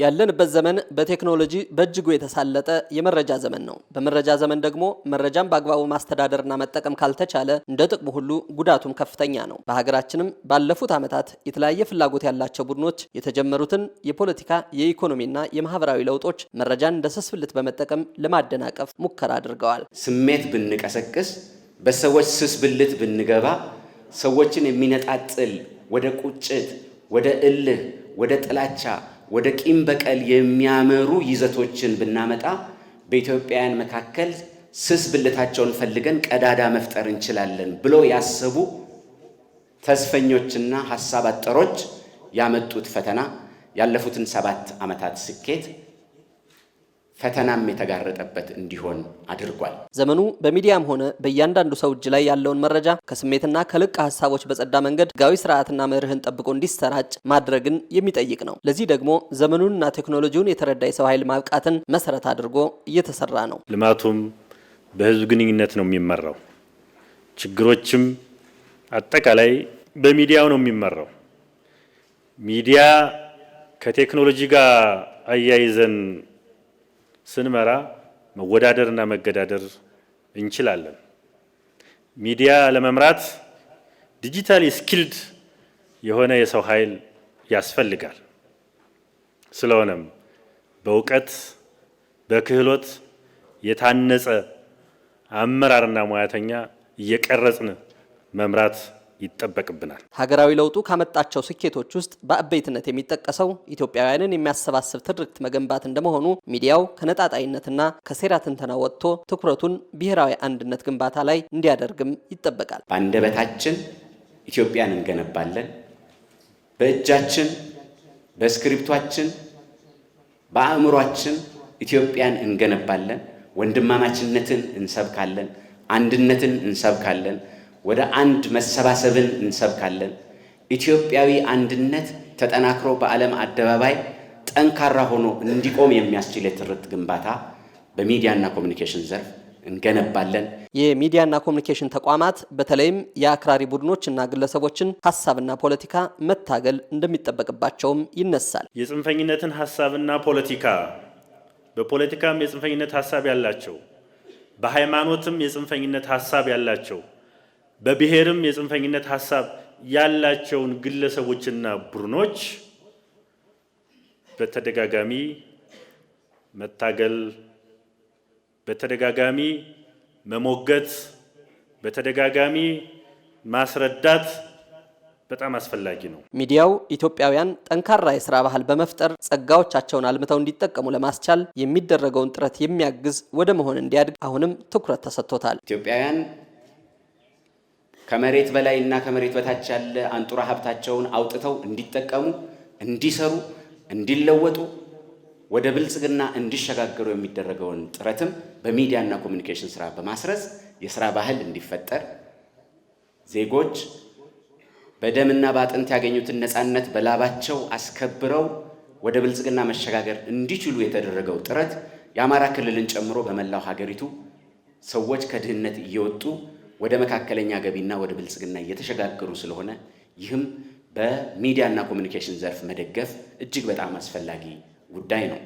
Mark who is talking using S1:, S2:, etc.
S1: ያለንበት ዘመን በቴክኖሎጂ በእጅጉ የተሳለጠ የመረጃ ዘመን ነው። በመረጃ ዘመን ደግሞ መረጃን በአግባቡ ማስተዳደርና መጠቀም ካልተቻለ እንደ ጥቅሙ ሁሉ ጉዳቱም ከፍተኛ ነው። በሀገራችንም ባለፉት ዓመታት የተለያየ ፍላጎት ያላቸው ቡድኖች የተጀመሩትን የፖለቲካ የኢኮኖሚና የማህበራዊ ለውጦች መረጃን እንደ ስስብልት በመጠቀም ለማደናቀፍ ሙከራ አድርገዋል።
S2: ስሜት ብንቀሰቅስ፣ በሰዎች ስስብልት ብንገባ፣ ሰዎችን የሚነጣጥል ወደ ቁጭት፣ ወደ እልህ፣ ወደ ጥላቻ ወደ ቂም በቀል የሚያመሩ ይዘቶችን ብናመጣ በኢትዮጵያውያን መካከል ስስ ብልታቸውን ፈልገን ቀዳዳ መፍጠር እንችላለን ብሎ ያሰቡ ተስፈኞችና ሀሳብ አጠሮች ያመጡት ፈተና ያለፉትን ሰባት ዓመታት ስኬት ፈተናም የተጋረጠበት እንዲሆን አድርጓል።
S1: ዘመኑ በሚዲያም ሆነ በእያንዳንዱ ሰው እጅ ላይ ያለውን መረጃ ከስሜትና ከልቅ ሀሳቦች በጸዳ መንገድ ህጋዊ ስርዓትና መርህን ጠብቆ እንዲሰራጭ ማድረግን የሚጠይቅ ነው። ለዚህ ደግሞ ዘመኑንና ቴክኖሎጂውን የተረዳ የሰው ኃይል ማብቃትን መሰረት አድርጎ እየተሰራ ነው።
S3: ልማቱም በህዝብ ግንኙነት ነው የሚመራው። ችግሮችም አጠቃላይ በሚዲያው ነው የሚመራው። ሚዲያ ከቴክኖሎጂ ጋር አያይዘን ስንመራ መወዳደርና መገዳደር እንችላለን። ሚዲያ ለመምራት ዲጂታል ስኪልድ የሆነ የሰው ኃይል ያስፈልጋል። ስለሆነም በእውቀት በክህሎት የታነጸ አመራርና ሙያተኛ እየቀረጽን መምራት ይጠበቅብናል።
S1: ሀገራዊ ለውጡ ካመጣቸው ስኬቶች ውስጥ በአበይትነት የሚጠቀሰው ኢትዮጵያውያንን የሚያሰባስብ ትርክት መገንባት እንደመሆኑ ሚዲያው ከነጣጣይነትና ከሴራ ትንተና ወጥቶ ትኩረቱን ብሔራዊ አንድነት ግንባታ ላይ እንዲያደርግም ይጠበቃል።
S2: በአንደበታችን ኢትዮጵያን እንገነባለን፣ በእጃችን፣ በስክሪፕቷችን፣ በአእምሯችን ኢትዮጵያን እንገነባለን፣ ወንድማማችነትን እንሰብካለን፣ አንድነትን እንሰብካለን። ወደ አንድ መሰባሰብን እንሰብካለን። ኢትዮጵያዊ አንድነት ተጠናክሮ በዓለም አደባባይ ጠንካራ ሆኖ እንዲቆም የሚያስችል የትርክት ግንባታ በሚዲያና ኮሚኒኬሽን ዘርፍ እንገነባለን።
S1: የሚዲያና ኮሚኒኬሽን ተቋማት በተለይም የአክራሪ ቡድኖች እና ግለሰቦችን ሀሳብና ፖለቲካ መታገል እንደሚጠበቅባቸውም ይነሳል።
S3: የጽንፈኝነትን ሀሳብና ፖለቲካ በፖለቲካም የጽንፈኝነት ሀሳብ ያላቸው፣ በሃይማኖትም የጽንፈኝነት ሀሳብ ያላቸው በብሔርም የጽንፈኝነት ሀሳብ ያላቸውን ግለሰቦችና ቡድኖች በተደጋጋሚ መታገል፣ በተደጋጋሚ መሞገት፣ በተደጋጋሚ ማስረዳት በጣም አስፈላጊ ነው።
S1: ሚዲያው ኢትዮጵያውያን ጠንካራ የስራ ባህል በመፍጠር ጸጋዎቻቸውን አልምተው እንዲጠቀሙ ለማስቻል የሚደረገውን ጥረት የሚያግዝ ወደ መሆን እንዲያድግ አሁንም ትኩረት ተሰጥቶታል።
S2: ኢትዮጵያውያን ከመሬት በላይ እና ከመሬት በታች ያለ አንጡራ ሀብታቸውን አውጥተው እንዲጠቀሙ፣ እንዲሰሩ፣ እንዲለወጡ ወደ ብልጽግና እንዲሸጋገሩ የሚደረገውን ጥረትም በሚዲያና ኮሚኒኬሽን ስራ በማስረጽ የስራ ባህል እንዲፈጠር ዜጎች በደምና በአጥንት ያገኙትን ነፃነት በላባቸው አስከብረው ወደ ብልጽግና መሸጋገር እንዲችሉ የተደረገው ጥረት የአማራ ክልልን ጨምሮ በመላው ሀገሪቱ ሰዎች ከድህነት እየወጡ ወደ መካከለኛ ገቢና ወደ ብልጽግና እየተሸጋገሩ ስለሆነ ይህም በሚዲያና ኮሚኒኬሽን ዘርፍ መደገፍ እጅግ በጣም አስፈላጊ ጉዳይ ነው።